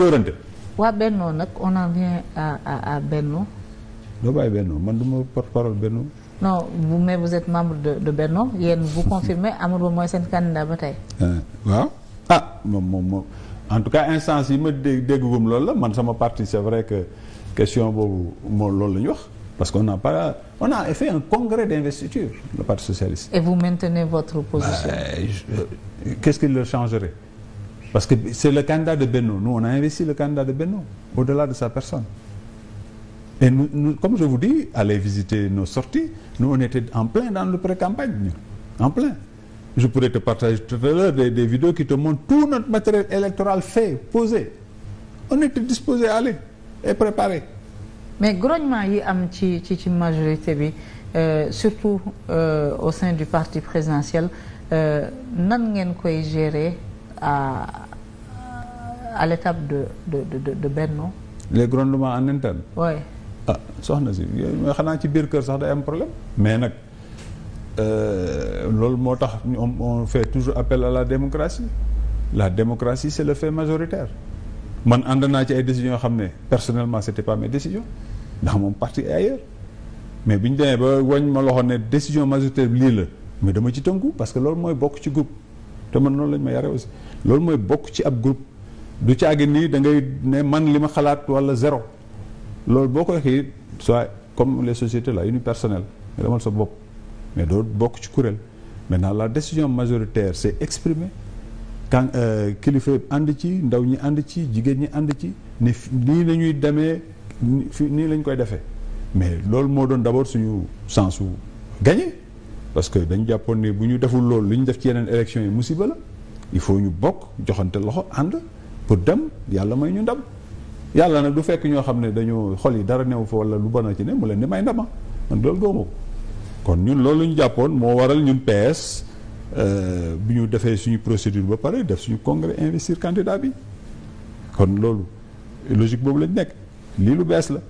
dóorante waa nag on en vient à à à Benno doo bàyyi Benno man du ma porte-parole Benno non vous mais vous êtes membre de de Benno yéen vous confirmez Amadou Ba mooy seen candidat ba ah, waaw ah moom moom moom en tout cas instance yi ma dégg déggagum loolu la man sama parti c'est vrai que question boobu moo loolu la ñu wax parce qu'on n'a pas on a fait un congrès d'investiture le parti socialiste. et vous maintenez votre position. Euh, je, euh, qu'est-ce qui le Parce que c'est le candidat de Benno. Nous, on a investi le candidat de Benno, au-delà de sa personne. Et nous, nous, comme je vous dis, allez visiter nos sorties. Nous, on était en plein dans le pré En plein. Je pourrais te partager tout à l'heure des, des, vidéos qui te montrent tout notre matériel électoral fait, posé. On était disposé aller et préparé. Mais grognement yi am ci ci majorité bi euh, surtout euh, au sein du parti présidentiel euh, nan ngeen koy à l'étape de de de de Benno. les grondements en interne. oui ah soxna si yooyu xanaa ci biir kër sax day am problème. mais nag euh, loolu moo tax on on fait toujours appel à la démocratie la démocratie c'est le fait majoritaire man ànd naa ci ay décisions yoo xam ne personnellement c'était pas mes décisions ndax moom parti ailleurs mais bi ñu demee ba wañ ma loxo ne décision majoritaire bi lii la mais dama ci tënku parce que loolu mooy bokk ci groupe te man noonu lañ ma yare aussi loolu mooy bokk ci ab groupe. du càgg nii da ngay ne man li ma xalaat wala zéro loolu boo ko waxee soit comme les sociétés là unipersonnelles nga demal sa bopp mais doo bokk ci kuréel maintenant la décision majoritaire c'est exprimé quand euh, kilifa ànd ci ndaw ñi ànd ci jigéen ñi ànd ci ni nii la demee nii lañ koy defee mais loolu moo doon d'abord suñu sens su gagné parce que dañ jàppoon ni bu ñu deful loolu li ñu def ci yeneen élection yi musiba la il faut ñu bokk joxante loxo ànd pour dem yàlla may ñu ndam yàlla nag du fekk ñoo xam ne dañoo xol yi dara new fa wala lu bon a ci ne mu la di may ndama man loolu góomoo kon ñun loolu ñu jàppoon moo waral ñun PS euh, bu ñu defee suñu procédure ba pare def suñu congrès investir candidat bi kon loolu logique boobu lañu nekk lii lu bees la